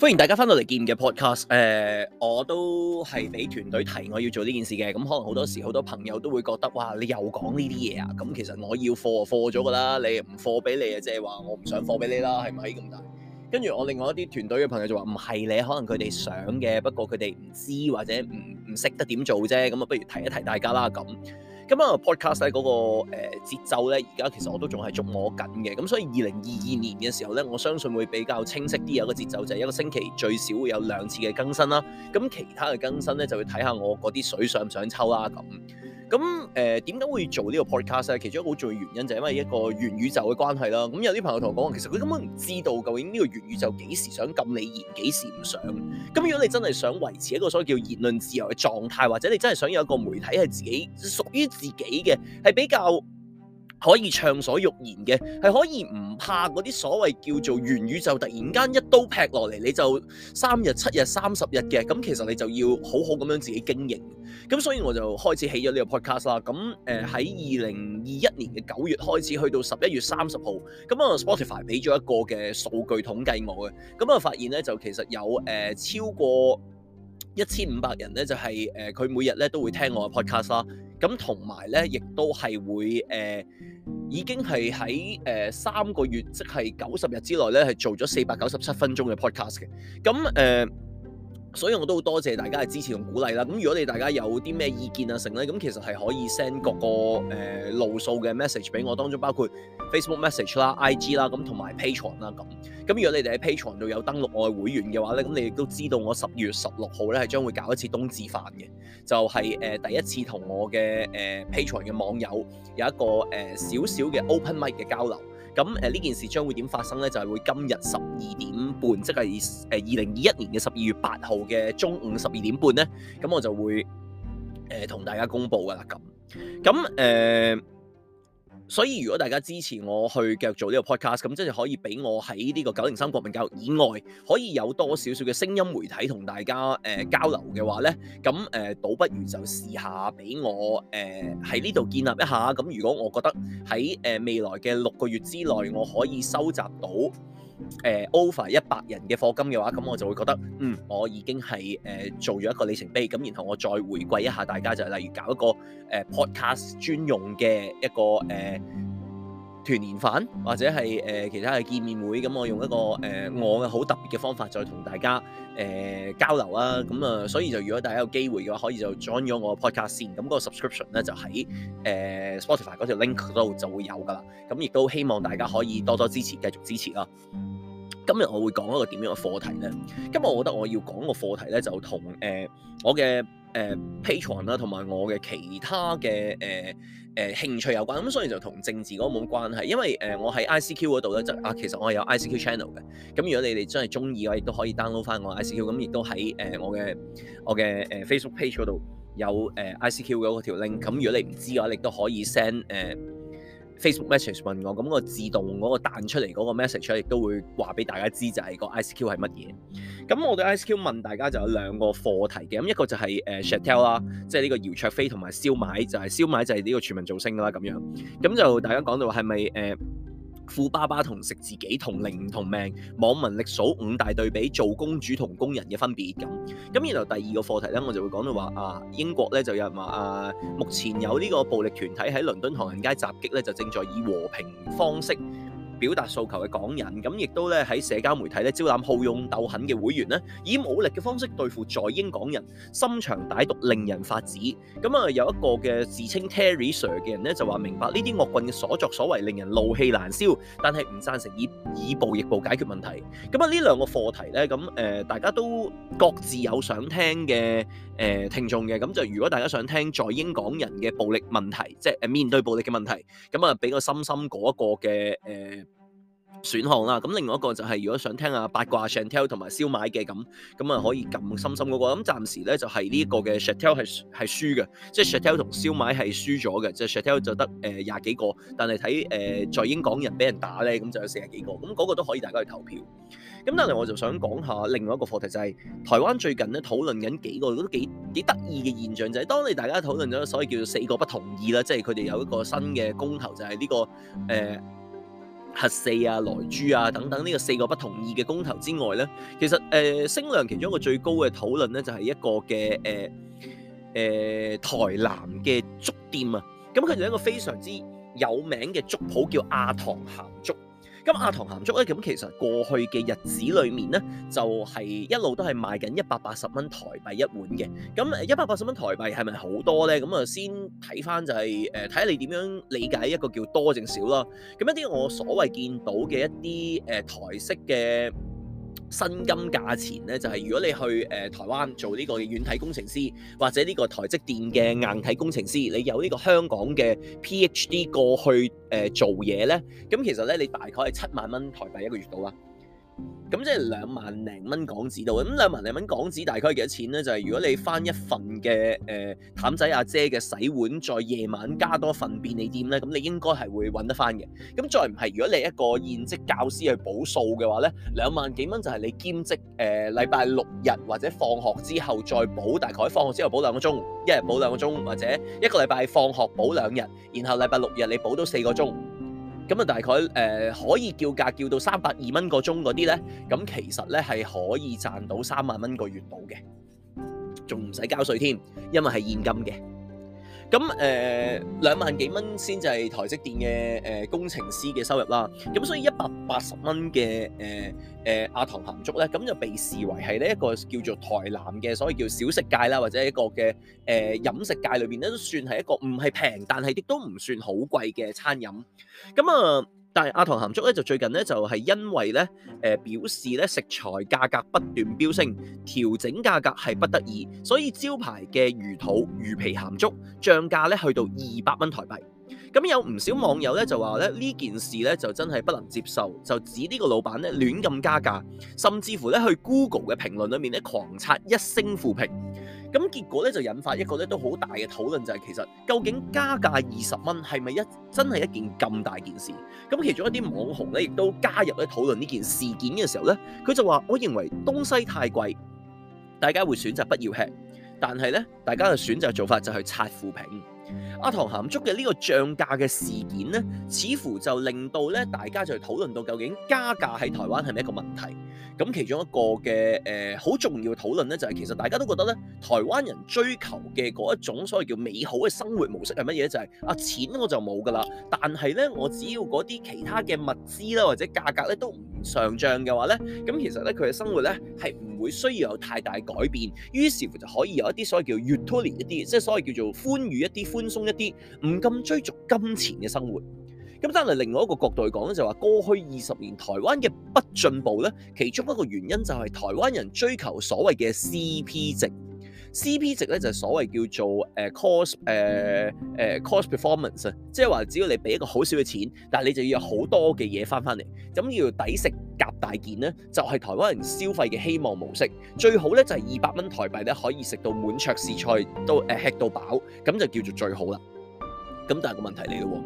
歡迎大家翻到嚟見嘅 podcast，誒、呃，我都係俾團隊提我要做呢件事嘅，咁可能好多時好多朋友都會覺得，哇，你又講呢啲嘢啊，咁其實我要貨啊，貨咗㗎啦，你唔貨俾你啊，即係話我唔想貨俾你啦，係咪？咁大？跟住我另外一啲團隊嘅朋友就話唔係，唔係你可能佢哋想嘅，不過佢哋唔知或者唔。唔識得點做啫，咁啊不如提一提大家啦咁。咁啊 Podcast 咧嗰個節奏咧，而家其實我都仲係捉摸緊嘅，咁所以二零二二年嘅時候咧，我相信會比較清晰啲，有個節奏就係一個星期最少會有兩次嘅更新啦。咁其他嘅更新咧，就會睇下我嗰啲水想唔想抽啦咁。咁誒，點解會做呢個 podcast 呢？其中一個好重要原因就係因為一個元宇宙嘅關係啦。咁有啲朋友同我講，其實佢根本唔知道究竟呢個元宇宙幾時想禁你言，幾時唔想。咁如果你真係想維持一個所謂叫言論自由嘅狀態，或者你真係想有一個媒體係自己屬於自己嘅，係比較，可以暢所欲言嘅，係可以唔怕嗰啲所謂叫做元宇宙突然間一刀劈落嚟，你就三日七日三十日嘅，咁其實你就要好好咁樣自己經營。咁所以我就開始起咗呢個 podcast 啦。咁喺二零二一年嘅九月開始，去到十一月三十號，咁啊 Spotify 俾咗一個嘅數據統計我嘅，咁啊發現咧就其實有、呃、超過。一千五百人咧就係誒佢每日咧都會聽我嘅 podcast 啦、啊，咁同埋咧亦都係會誒、呃、已經係喺誒三個月即係九十日之內咧係做咗四百九十七分鐘嘅 podcast 嘅、啊，咁誒。所以我都好多謝大家嘅支持同鼓勵、呃、啦。咁如果你大家有啲咩意見啊，成咧咁其實係可以 send 各個誒路數嘅 message 俾我，當中包括 Facebook message 啦、I G 啦，咁同埋 Patreon 啦咁。咁如果你哋喺 Patreon 度有登錄我嘅會員嘅話咧，咁你亦都知道我十月十六號咧係將會搞一次冬至飯嘅，就係、是、誒、呃、第一次同我嘅誒、呃、Patreon 嘅網友有一個誒少少嘅 open mic 嘅交流。咁誒呢件事將會點發生呢？就係、是、會今日十二點半，即係誒二零二一年嘅十二月八號嘅中午十二點半呢。咁我就會誒、呃、同大家公佈㗎喇咁。咁誒。呃所以如果大家支持我去繼續做呢個 podcast，咁即係可以俾我喺呢個九零三國民教育以外，可以有多少少嘅聲音媒體同大家、呃、交流嘅話咧，咁、呃、倒不如就試下俾我誒喺呢度建立一下。咁如果我覺得喺、呃、未來嘅六個月之內，我可以收集到。呃、over 一百人嘅課金嘅話，咁我就會覺得，嗯，我已經係、呃、做咗一個里程碑。咁然後我再回饋一下大家，就係、是、例如搞一個、呃、podcast 專用嘅一個、呃團年飯或者係誒、呃、其他嘅見面會，咁我用一個誒、呃、我嘅好特別嘅方法再同大家誒、呃、交流啦。咁、呃、啊，所以就如果大家有機會嘅話，可以就 join 咗我嘅 podcast 先。咁嗰個 subscription 咧就喺誒、呃、Spotify 嗰條 link 度就會有噶啦。咁亦都希望大家可以多多支持，繼續支持啦。今日我會講一個點樣嘅課題咧。今日我覺得我要講個課題咧，就同誒、呃、我嘅誒 patron 啦，同、呃、埋我嘅其他嘅誒。呃誒興趣有關，咁所以就同政治嗰冇關係，因為誒我喺 ICQ 嗰度咧，就啊其實我係有 ICQ channel 嘅，咁如果你哋真係中意我亦都可以 download 翻我嘅 ICQ，咁亦都喺誒我嘅我嘅誒 Facebook page 嗰度有誒 ICQ 嗰個條 link，咁如果你唔知嘅話，你都可以 send 誒。Facebook message 問我，咁、那、我、個、自動嗰個彈出嚟嗰個 message 咧，亦都會話俾大家知就係個 IQ 係乜嘢。咁我對 IQ 問大家就有兩個課題嘅，咁一個就係、是、誒 share、呃、tell 啦，即係呢個姚卓飛同埋燒賣，就係燒賣就係呢個全民造星啦咁樣。咁就大家講到係咪富爸爸同食自己同齡同命，網民力數五大對比，做公主同工人嘅分別咁。咁然後第二個課題呢，我就會講到話啊，英國呢，就有人話啊，目前有呢個暴力團體喺倫敦唐人街襲擊呢，就正在以和平方式。表達訴求嘅港人，咁亦都咧喺社交媒體咧招攬好勇鬥狠嘅會員咧，以武力嘅方式對付在英港人，心腸歹毒，令人發指。咁啊，有一個嘅自稱 Terry Sir 嘅人咧，就話明白呢啲惡棍嘅所作所為令人怒氣難消，但係唔贊成以以暴易暴解決問題。咁啊，呢兩個課題咧，咁誒，大家都各自有想聽嘅。誒、呃、聽眾嘅，咁就，如果大家想聽在英港人嘅暴力問題，即係誒面對暴力嘅問題，咁啊俾個心心嗰一個嘅誒、呃、選項啦。咁另外一個就係如果想聽啊八卦 Shantel 同埋燒賣嘅咁，咁啊可以撳心心嗰個。咁暫時咧就係呢一個嘅 Shantel 係係輸嘅，即、就、係、是、Shantel 同燒賣係輸咗嘅，即就 Shantel、是、就得誒廿幾個，但係睇誒在英港人俾人打咧，咁就有四十幾個，咁、那、嗰個都可以大家去投票。咁但係我就想講下另外一個課題就係、是、台灣最近咧討論緊幾個都幾幾得意嘅現象就係、是、當你大家討論咗所以叫做四個不同意啦，即係佢哋有一個新嘅公投就係、是、呢、這個誒、呃、核四啊、萊豬啊等等呢、這個四個不同意嘅公投之外咧，其實誒升量其中一個最高嘅討論咧就係、是、一個嘅誒誒台南嘅粥店啊，咁佢哋一個非常之有名嘅粥鋪叫阿堂鹹粥。咁阿堂鹹粥咧，咁其實過去嘅日子裏面咧，就係、是、一路都係賣緊一百八十蚊台幣一碗嘅。咁誒一百八十蚊台幣係咪好多咧？咁啊先睇翻就係誒睇下你點樣理解一個叫多定少咯。咁一啲我所謂見到嘅一啲誒、呃、台式嘅。薪金價錢呢，就係、是、如果你去、呃、台灣做呢個軟體工程師，或者呢個台積電嘅硬體工程師，你有呢個香港嘅 PhD 過去、呃、做嘢呢，咁其實呢，你大概係七萬蚊台幣一個月到啦。咁即係兩萬零蚊港紙度。咁兩萬零蚊港紙大概係幾多錢呢？就係、是、如果你翻一份嘅、誒，譚、呃、仔阿姐嘅洗碗，再夜晚加多份便利店呢，咁你應該係會搵得翻嘅。咁再唔係，如果你一個現職教師去補數嘅話呢，兩萬幾蚊就係你兼職誒、禮、呃、拜六日或者放學之後再補，大概放學之後補兩個鐘，一日補兩個鐘，或者一個禮拜放學補兩日，然後禮拜六日你補到四個鐘。咁就大概，呃，可以叫價叫到三百二蚊個鐘嗰啲呢，咁其實呢係可以賺到三萬蚊個月到嘅，仲唔使交稅添，因為係現金嘅。咁誒、呃、兩萬幾蚊先就係台積電嘅誒、呃、工程師嘅收入啦。咁所以一百八十蚊嘅誒誒阿堂鹹粥咧，咁、呃啊、就被視為係呢一個叫做台南嘅，所謂叫小食界啦，或者一個嘅誒、呃、飲食界裏面，咧，都算係一個唔係平，但係亦都唔算好貴嘅餐飲。咁啊～但係阿堂鹹粥咧就最近咧就係因為咧誒表示咧食材價格不斷飆升，調整價格係不得已，所以招牌嘅魚肚魚皮鹹粥漲價咧去到二百蚊台幣。咁有唔少網友咧就話咧呢件事咧就真係不能接受，就指呢個老闆咧亂咁加價，甚至乎咧去 Google 嘅評論裡面咧狂刷一星負評。咁結果咧就引發一個咧都好大嘅討論，就係其實究竟加價二十蚊係咪一真係一件咁大件事？咁其中一啲網紅咧亦都加入咧討論呢件事件嘅時候咧，佢就話：我認為東西太貴，大家會選擇不要吃，但係咧大家嘅選擇做法就係去刷負評。阿、啊、堂鹹粥嘅呢個漲價嘅事件咧，似乎就令到咧大家就討論到究竟加價喺台灣係咪一個問題。咁其中一個嘅誒好重要討論咧，就係、是、其實大家都覺得咧，台灣人追求嘅嗰一種所謂叫美好嘅生活模式係乜嘢？就係、是、阿、啊、錢我就冇噶啦，但係咧我只要嗰啲其他嘅物資啦或者價格咧都唔上漲嘅話咧，咁其實咧佢嘅生活咧係唔會需要有太大改變，於是乎就可以有一啲所謂叫越脫離一啲，即係所謂叫做寬裕一啲輕鬆一啲，唔咁追逐金錢嘅生活。咁但係，另外一個角度嚟講咧，就話、是、過去二十年台灣嘅不進步咧，其中一個原因就係台灣人追求所謂嘅 C P 值。C P 值咧就係所謂叫做誒、uh, cost 誒、uh, 誒、uh, cost performance，即係話只要你俾一個好少嘅錢，但係你就要有好多嘅嘢翻翻嚟，咁要抵食。夾大件呢，就係、是、台灣人消費嘅希望模式。最好呢，就係二百蚊台幣呢，可以食到滿桌時菜，都誒、呃、吃到飽，咁就叫做最好啦。咁但係個問題嚟咯，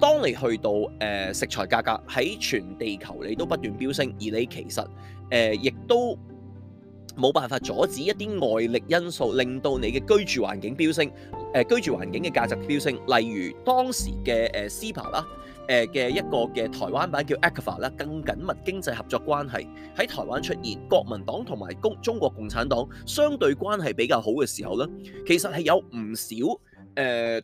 當你去到誒、呃、食材價格喺全地球你都不斷飆升，而你其實誒亦、呃、都冇辦法阻止一啲外力因素令到你嘅居住環境飆升，誒、呃、居住環境嘅價值飆升，例如當時嘅誒 CPI 啦。呃誒嘅一個嘅台灣版叫 ECFA 啦，更緊密經濟合作關係喺台灣出現，國民黨同埋共中國共產黨相對關係比較好嘅時候咧，其實係有唔少誒、呃、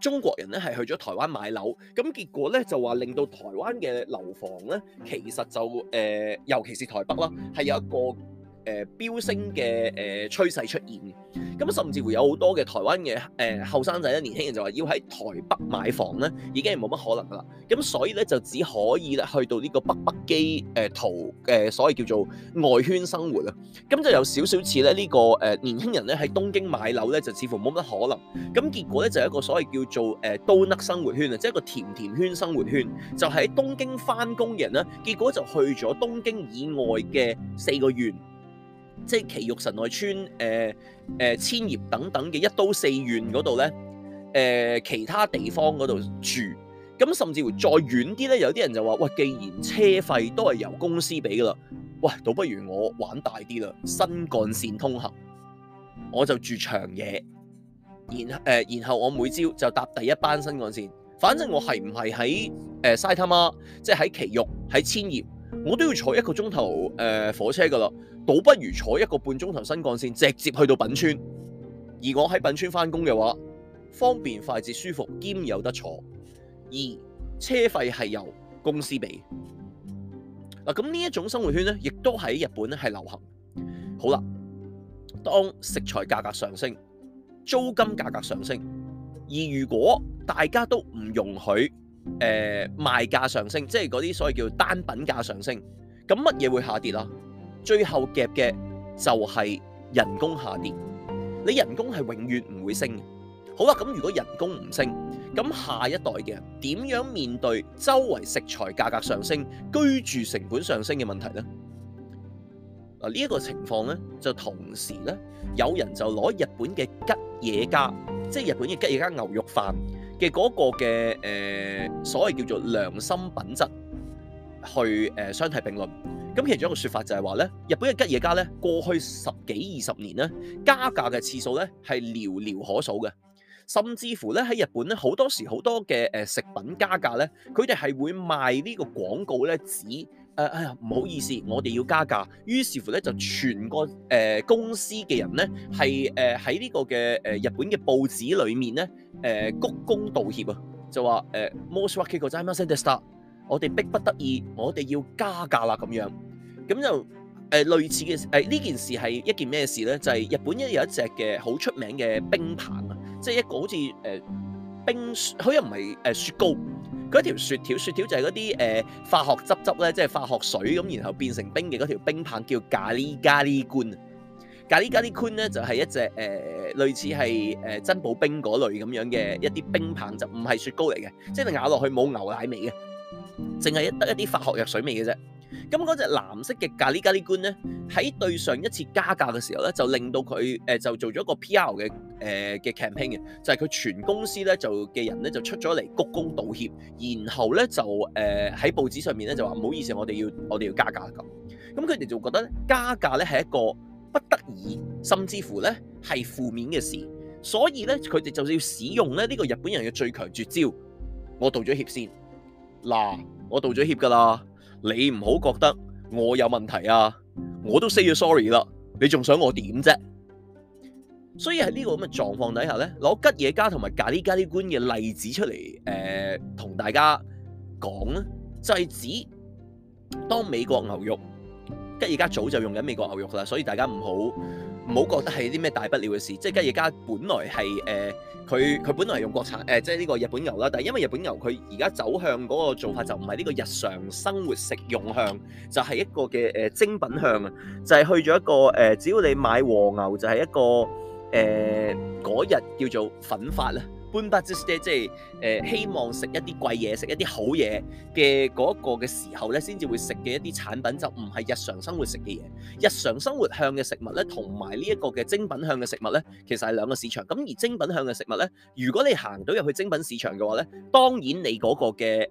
中國人咧係去咗台灣買樓，咁結果咧就話令到台灣嘅樓房咧，其實就誒、呃，尤其是台北啦，係有一個。誒飆升嘅誒趨勢出現，咁甚至乎有好多嘅台灣嘅誒後生仔咧，年輕人就話要喺台北買房咧，已經係冇乜可能啦。咁所以咧就只可以咧去到呢個北北基誒、呃、圖、呃、所謂叫做外圈生活啦。咁就有少少似咧呢、呢個、呃、年輕人咧喺東京買樓咧，就似乎冇乜可能。咁結果咧就有一個所謂叫做誒都得生活圈啊，即係一個甜甜圈生活圈，就喺、是、東京翻工人咧，結果就去咗東京以外嘅四個縣。即係埼玉、神奈川、誒、呃、誒、呃、千葉等等嘅一都四縣嗰度咧，誒、呃、其他地方嗰度住，咁甚至乎再遠啲咧，有啲人就話，喂，既然車費都係由公司俾噶啦，喂，倒不如我玩大啲啦，新幹線通行，我就住長野，然誒、呃，然後我每朝就搭第一班新幹線，反正我係唔係喺西埼玉、即係喺埼玉、喺千葉，我都要坐一個鐘頭誒火車噶啦。倒不如坐一個半鐘頭新幹線直接去到品川，而我喺品川翻工嘅話，方便、快捷、舒服兼有得坐，而車費係由公司俾。嗱，咁呢一種生活圈呢，亦都喺日本係流行。好啦，當食材價格上升、租金價格上升，而如果大家都唔容許誒、呃、賣價上升，即係嗰啲所謂叫單品價上升，咁乜嘢會下跌啦？最後咁其中一個說法就係話咧，日本嘅吉野家咧，過去十幾二十年咧，加價嘅次數咧係寥寥可數嘅，甚至乎咧喺日本咧好多時好多嘅食品加價咧，佢哋係會賣呢個廣告咧，指、呃、哎呀，唔好意思，我哋要加價，於是乎咧就全個、呃、公司嘅人咧係喺呢、呃、個嘅日本嘅報紙裏面咧誒、呃、鞠躬道歉啊，就話誒，申し訳ございませんでした。我哋逼不得已，我哋要加價啦。咁樣，咁就誒、呃，類似嘅誒呢件事係一件咩事咧？就係、是、日本一有一隻嘅好出名嘅冰棒啊，即係一個好似誒、呃、冰，佢又唔係誒雪糕。佢條雪條，雪條就係嗰啲誒化學汁汁咧，即係化學水咁，然後變成冰嘅嗰條冰棒叫咖喱咖喱罐。咖喱咖喱罐咧就係一隻誒、呃、類似係誒、呃、珍寶冰嗰類咁樣嘅一啲冰棒，就唔係雪糕嚟嘅，即係咬落去冇牛奶味嘅。淨係一得一啲化學藥水味嘅啫。咁嗰隻藍色嘅咖喱咖喱官咧，喺對上一次加價嘅時候咧，就令到佢誒、呃、就做咗一個 P.R. 嘅誒嘅 campaign 嘅，就係佢全公司咧就嘅人咧就出咗嚟鞠躬道歉，然後咧就誒喺、呃、報紙上面咧就話唔好意思，我哋要我哋要加價咁。咁佢哋就覺得加價咧係一個不得已，甚至乎咧係負面嘅事，所以咧佢哋就要使用咧呢個日本人嘅最強絕招，我道咗歉先。嗱、啊，我道咗歉噶啦，你唔好覺得我有問題啊，我都 say 咗 sorry 啦，你仲想我點啫？所以喺呢個咁嘅狀況底下咧，攞吉野家同埋咖喱咖喱館嘅例子出嚟，誒、呃、同大家講咧，就係、是、指當美國牛肉吉野家早就用緊美國牛肉啦，所以大家唔好。唔好覺得係啲咩大不了嘅事，即係而家，本來係誒佢佢本來用國產，誒，即係呢個日本牛啦，但係因為日本牛佢而家走向嗰個做法就唔係呢個日常生活食用向，就係、是、一個嘅誒、呃、精品向啊，就係、是、去咗一個誒、呃，只要你買和牛就係一個誒嗰日叫做粉法啦。半不只即係，誒希望食一啲貴嘢，食一啲好嘢嘅嗰個嘅時候咧，先至會食嘅一啲產品就唔係日常生活食嘅嘢。日常生活向嘅食物咧，同埋呢一個嘅精品向嘅食物咧，其實係兩個市場。咁而精品向嘅食物咧，如果你行到入去精品市場嘅話咧，當然你嗰個嘅誒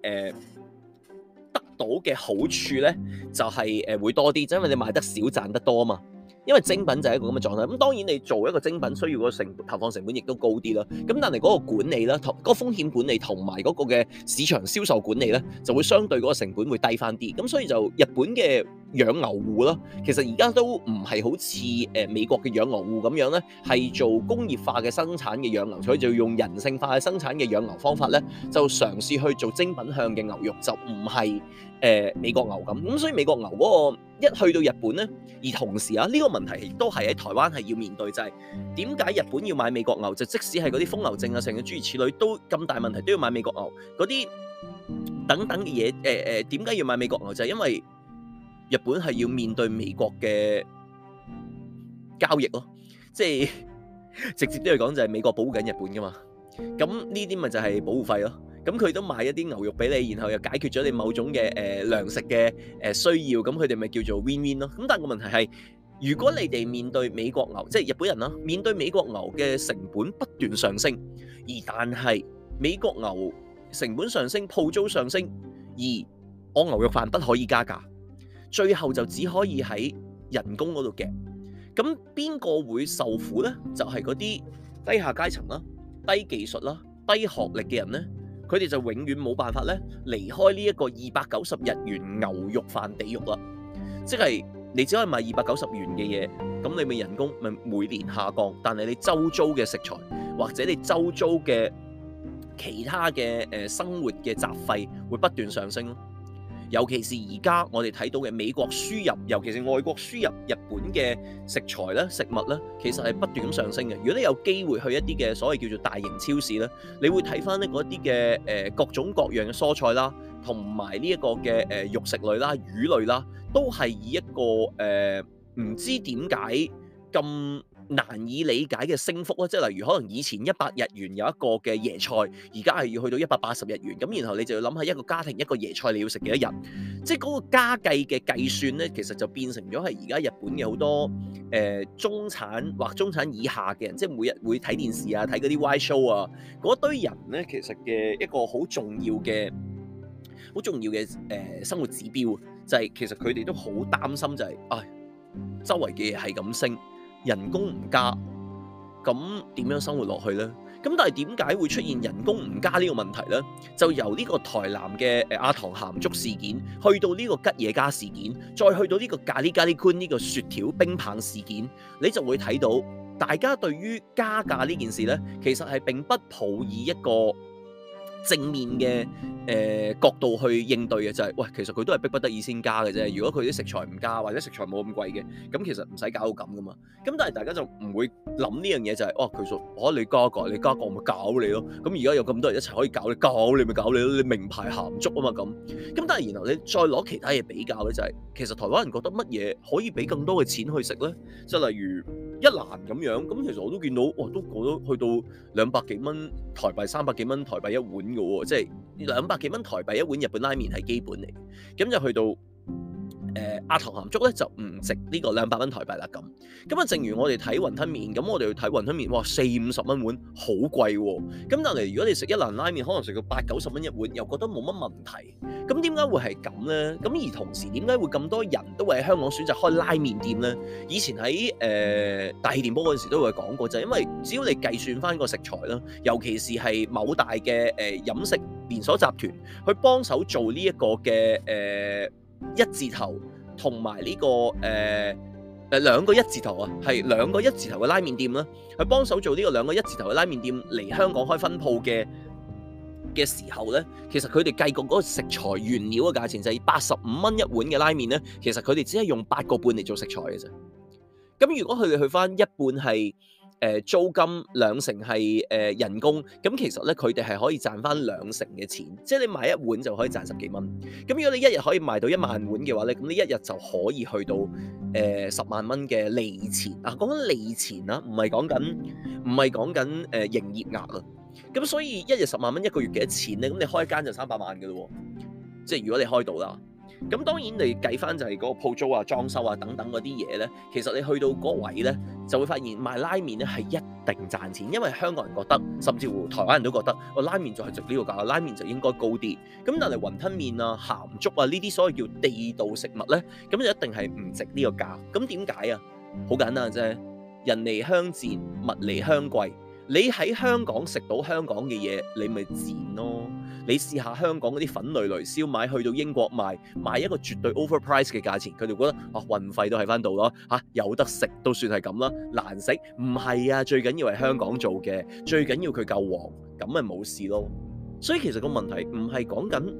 得到嘅好處咧，就係誒會多啲，因為你買得少賺得多嘛。因為精品就係一個咁嘅狀態，咁當然你做一個精品需要個成投放成本亦都高啲啦，咁但係嗰個管理啦，險、那、嗰個風險管理同埋嗰個嘅市場銷售管理咧，就會相對嗰個成本會低返啲，咁所以就日本嘅。養牛戶啦，其實而家都唔係好似誒美國嘅養牛戶咁樣咧，係做工業化嘅生產嘅養牛，所以就用人性化嘅生產嘅養牛方法咧，就嘗試去做精品向嘅牛肉，就唔係誒美國牛咁。咁所以美國牛嗰、嗰個一去到日本咧，而同時啊呢、呢個問題亦都係喺台灣係要面對，就係點解日本要買美國牛？就即使係嗰啲瘋牛症啊，成日諸如此類都咁大問題，都要買美國牛嗰啲等等嘅嘢誒誒，點、呃、解要買美國牛？就係、因為日本係要面對美國嘅交易咯，即係直接啲嚟講就係美國保護緊日本㗎嘛，咁呢啲咪就係保護費咯。咁佢都買一啲牛肉俾你，然後又解決咗你某種嘅誒糧食嘅誒需要，咁佢哋咪叫做 win win 咯。咁但係個問題係，如果你哋面對美國牛，即係日本人啦，面對美國牛嘅成本不斷上升，而但係美國牛成本上升、鋪租上升，而我牛肉飯不可以加價。最後就只可以喺人工嗰度夾，咁邊個會受苦呢？就係嗰啲低下階層啦、低技術啦、低學歷嘅人呢，佢哋就永遠冇辦法咧離開呢一個二百九十日元牛肉飯地獄啦！即係你只可以賣二百九十元嘅嘢，咁你咪人工咪每年下降，但係你周遭嘅食材或者你周遭嘅其他嘅誒生活嘅雜費會不斷上升咯。尤其是而家我哋睇到嘅美國輸入，尤其是外國輸入日本嘅食材咧、食物咧，其實係不斷咁上升嘅。如果你有機會去一啲嘅所謂叫做大型超市咧，你會睇翻咧嗰啲嘅誒各種各樣嘅蔬菜啦，同埋呢一個嘅誒、呃、肉食類啦、魚類啦，都係以一個誒唔、呃、知點解咁。難以理解嘅升幅咯，即係例如可能以前一百日元有一個嘅椰菜，而家係要去到一百八十日元咁，然後你就要諗下一個家庭一個椰菜你要食幾多日，即係嗰個家計嘅計算咧，其實就變成咗係而家日本嘅好多誒、呃、中產或中產以下嘅人，即係每日會睇電視啊、睇嗰啲 Wide Show 啊，嗰堆人咧，其實嘅一個好重要嘅好重要嘅誒、呃、生活指標就係、是、其實佢哋都好擔心就係、是、唉，周圍嘅嘢係咁升。人工唔加，咁點樣生活落去呢？咁但係點解會出現人工唔加呢個問題呢？就由呢個台南嘅阿堂鹹粥事件，去到呢個吉野家事件，再去到呢個咖喱咖喱君呢個雪條冰棒事件，你就會睇到大家對於加價呢件事呢，其實係並不抱以一個正面嘅誒、呃、角度去應對嘅就係、是，喂，其實佢都係逼不得已先加嘅啫。如果佢啲食材唔加，或者食材冇咁貴嘅，咁其實唔使搞到咁噶嘛。咁但係大家就唔會諗呢樣嘢，就係，哇，佢話，哦，你加個，你加個，我咪搞你咯。咁而家有咁多人一齊可以搞你，你搞你咪搞你咯。你名牌鹹粥啊嘛咁。咁但係然後你再攞其他嘢比較咧，就是，就係其實台灣人覺得乜嘢可以俾更多嘅錢去食咧，即係例如。一欄咁樣，咁其實我都見到，哇、哦，都過到去到兩百幾蚊台幣，三百幾蚊台幣一碗嘅喎，即係兩百幾蚊台幣一碗日本拉麵係基本嚟，咁就去到。阿堂鹹粥咧就唔值呢個兩百蚊台幣啦。咁咁啊，正如我哋睇雲吞麵，咁我哋要睇雲吞麵，哇，四五十蚊碗好貴喎、啊。咁但係如果你食一蘭拉麵，可能食到八九十蚊一碗，又覺得冇乜問題。咁點解會係咁呢？咁而同時點解會咁多人都會喺香港選擇開拉麵店呢？以前喺誒、呃、大氣電波嗰陣時候都會講過，就係、是、因為只要你計算翻個食材啦，尤其是係某大嘅誒、呃、飲食連鎖集團去幫手做呢、呃、一個嘅誒一字頭。同埋呢個誒誒、呃、兩個一字頭啊，係兩個一字頭嘅拉麵店啦。佢幫手做呢個兩個一字頭嘅拉麵店嚟香港開分鋪嘅嘅時候咧，其實佢哋計過嗰個食材原料嘅價錢，就係八十五蚊一碗嘅拉麵咧。其實佢哋只係用八個半嚟做食材嘅啫。咁如果佢哋去返一半係。誒租金兩成係誒、呃、人工，咁其實咧佢哋係可以賺翻兩成嘅錢，即係你賣一碗就可以賺十幾蚊。咁如果你一日可以賣到一萬碗嘅話咧，咁你一日就可以去到誒、呃、十萬蚊嘅利錢。啊，講緊利錢啦，唔係講緊，唔係講緊誒營業額啊。咁所以一日十萬蚊，一個月幾多錢咧？咁你開一間就三百萬嘅咯。即係如果你開到啦，咁當然你計翻就係嗰個鋪租啊、裝修啊等等嗰啲嘢咧，其實你去到嗰個位咧。就會發現賣拉麵咧係一定賺錢，因為香港人覺得，甚至乎台灣人都覺得，個拉麵就係值呢個價，拉麵就應該高啲。咁但係雲吞麵啊、鹹粥啊呢啲所謂叫地道食物咧，咁就一定係唔值呢個價。咁點解啊？好簡單啫，人嚟香賤，物嚟香貴。你喺香港食到香港嘅嘢，你咪賤咯。你試下香港嗰啲粉類類燒賣去到英國賣，賣一個絕對 over price 嘅價錢，佢哋覺得，啊，運費都喺翻到咯嚇、啊，有得食都算係咁啦。難食唔係啊，最緊要係香港做嘅，最緊要佢夠黃，咁咪冇事咯。所以其實嗰個問題唔係講緊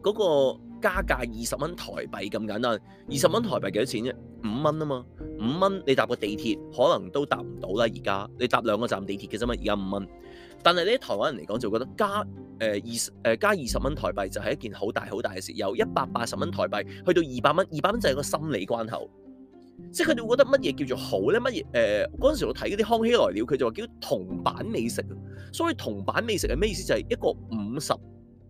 嗰個加價二十蚊台幣咁簡單，二十蚊台幣幾多錢啫？五蚊啊嘛，五蚊你搭個地鐵可能都搭唔到啦。而家你搭兩個站地鐵嘅啫嘛，而家五蚊。但係呢，台灣人嚟講就覺得加誒二十誒加二十蚊台幣就係一件好大好大嘅事，由一百八十蚊台幣去到二百蚊，二百蚊就係個心理關口，即係佢哋會覺得乜嘢叫做好咧？乜嘢誒？嗰、呃、陣時我睇嗰啲康熙來了，佢就話叫銅板美食，所以銅板美食係咩意思？就係、是、一個五十。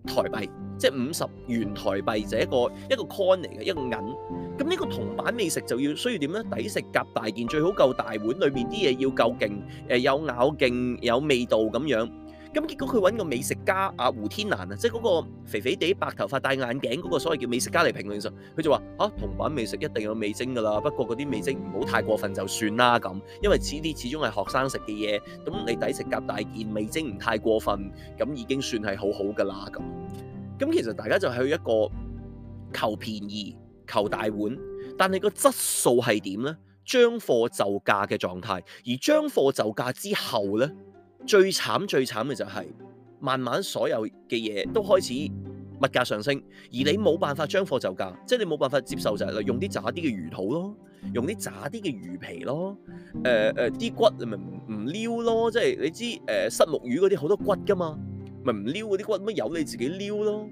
台幣即五十元台幣，就是、一個一個一個這個一個 coin 嚟嘅一個銀。咁呢個銅板美食就要需要點樣？抵食夾大件，最好夠大碗，裏面啲嘢要夠勁，有咬勁，有味道咁樣。咁結果佢揾個美食家啊胡天蘭啊，即係嗰個肥肥哋白頭髮戴眼鏡嗰個所謂叫美食家嚟評論，佢就話啊，同品美食一定有味精噶啦，不過嗰啲味精唔好太過分就算啦咁，因為此啲始終係學生食嘅嘢，咁你抵食夾大件味精唔太過分，咁已經算係好好噶啦咁。咁其實大家就係一個求便宜、求大碗，但係個質素係點呢？將貨就價嘅狀態，而將貨就價之後呢？最慘最慘嘅就係、是、慢慢所有嘅嘢都開始物價上升，而你冇辦法將貨就價，即係你冇辦法接受就係啦。用啲渣啲嘅魚肚咯，用啲渣啲嘅魚皮咯，誒誒啲骨你咪唔撩咯，即係你知誒虱、呃、目魚嗰啲好多骨噶嘛，咪唔撩嗰啲骨乜由你自己撩咯。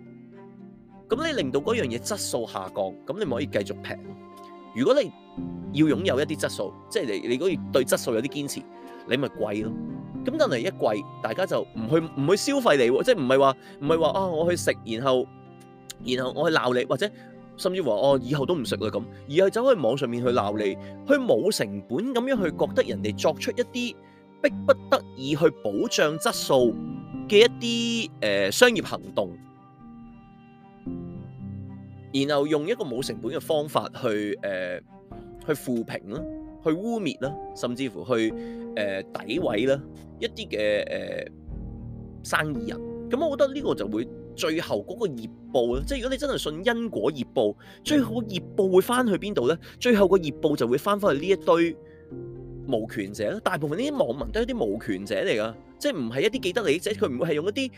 咁你令到嗰樣嘢質素下降，咁你咪可以繼續平。如果你要擁有一啲質素，即係你你如果要對質素有啲堅持，你咪貴咯。咁但係一季，大家就唔去唔去消費你，即係唔係話唔係話啊！我去食，然後然後我去鬧你，或者甚至話哦，以後都唔食啦咁，而係走去網上面去鬧你，去冇成本咁樣去覺得人哋作出一啲迫不得已去保障質素嘅一啲誒商業行動，然後用一個冇成本嘅方法去誒去負評咯。去污蔑啦，甚至乎去誒詆毀啦，一啲嘅誒生意人。咁我覺得呢個就會最後嗰個業報啊，即係如果你真係信因果業報，最後個業報會翻去邊度咧？最後個業報就會翻翻去呢一堆無權者啦。大部分呢啲網民都係啲無權者嚟噶，即係唔係一啲記得你啫，佢唔會係用一啲誒、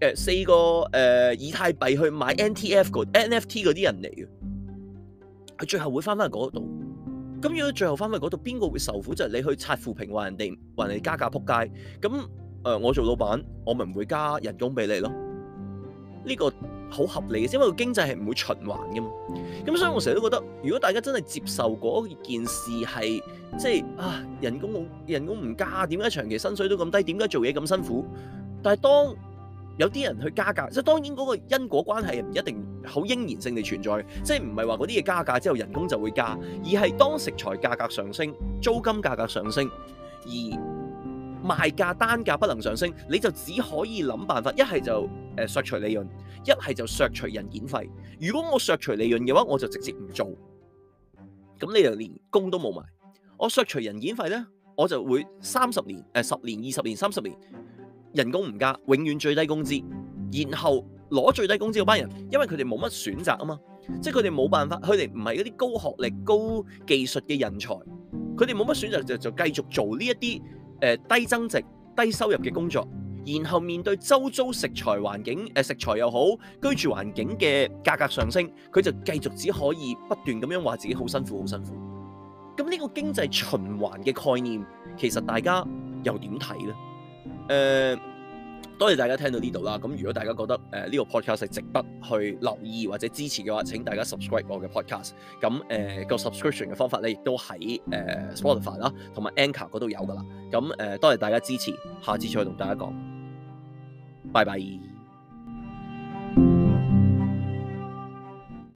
呃、四個誒、呃、以太幣去買 N T F 個 N F T 嗰啲人嚟嘅。佢最後會翻翻去嗰度。咁要到最後翻去嗰度，邊個會受苦就係、是、你去刷負評話人哋話人哋加價撲街。咁誒、呃，我做老闆，我咪唔會加人工俾你咯。呢、這個好合理嘅，因為個經濟係唔會循環嘅嘛。咁所以我成日都覺得，如果大家真係接受嗰件事係即係啊，人工人工唔加，點解長期薪水都咁低？點解做嘢咁辛苦？但係當有啲人去加價，即係當然嗰個因果關係唔一定好應然性地存在，即係唔係話嗰啲嘢加價之後人工就會加，而係當食材價格上升、租金價格上升，而賣價單價不能上升，你就只可以諗辦法，一係就誒削除利潤，一係就削除人件費。如果我削除利潤嘅話，我就直接唔做，咁你就連工都冇埋。我削除人件費呢，我就會三十年、誒、呃、十年、二十年、三十年。人工唔加，永遠最低工資，然後攞最低工資嗰班人，因為佢哋冇乜選擇啊嘛，即係佢哋冇辦法，佢哋唔係嗰啲高學歷、高技術嘅人才，佢哋冇乜選擇就就繼續做呢一啲誒低增值、低收入嘅工作，然後面對周遭食材環境誒、呃、食材又好，居住環境嘅價格上升，佢就繼續只可以不斷咁樣話自己好辛苦、好辛苦。咁呢個經濟循環嘅概念，其實大家又點睇呢？誒、uh, 多謝大家聽到呢度啦，咁如果大家覺得誒呢、呃這個 podcast 係值得去留意或者支持嘅話，請大家 subscribe 我嘅 podcast。咁誒、呃、個 subscription 嘅方法咧，亦都喺誒、呃、Spotify 啦，同埋 Anchor 嗰度有噶啦。咁誒、呃、多謝大家支持，下次再同大家講，拜拜。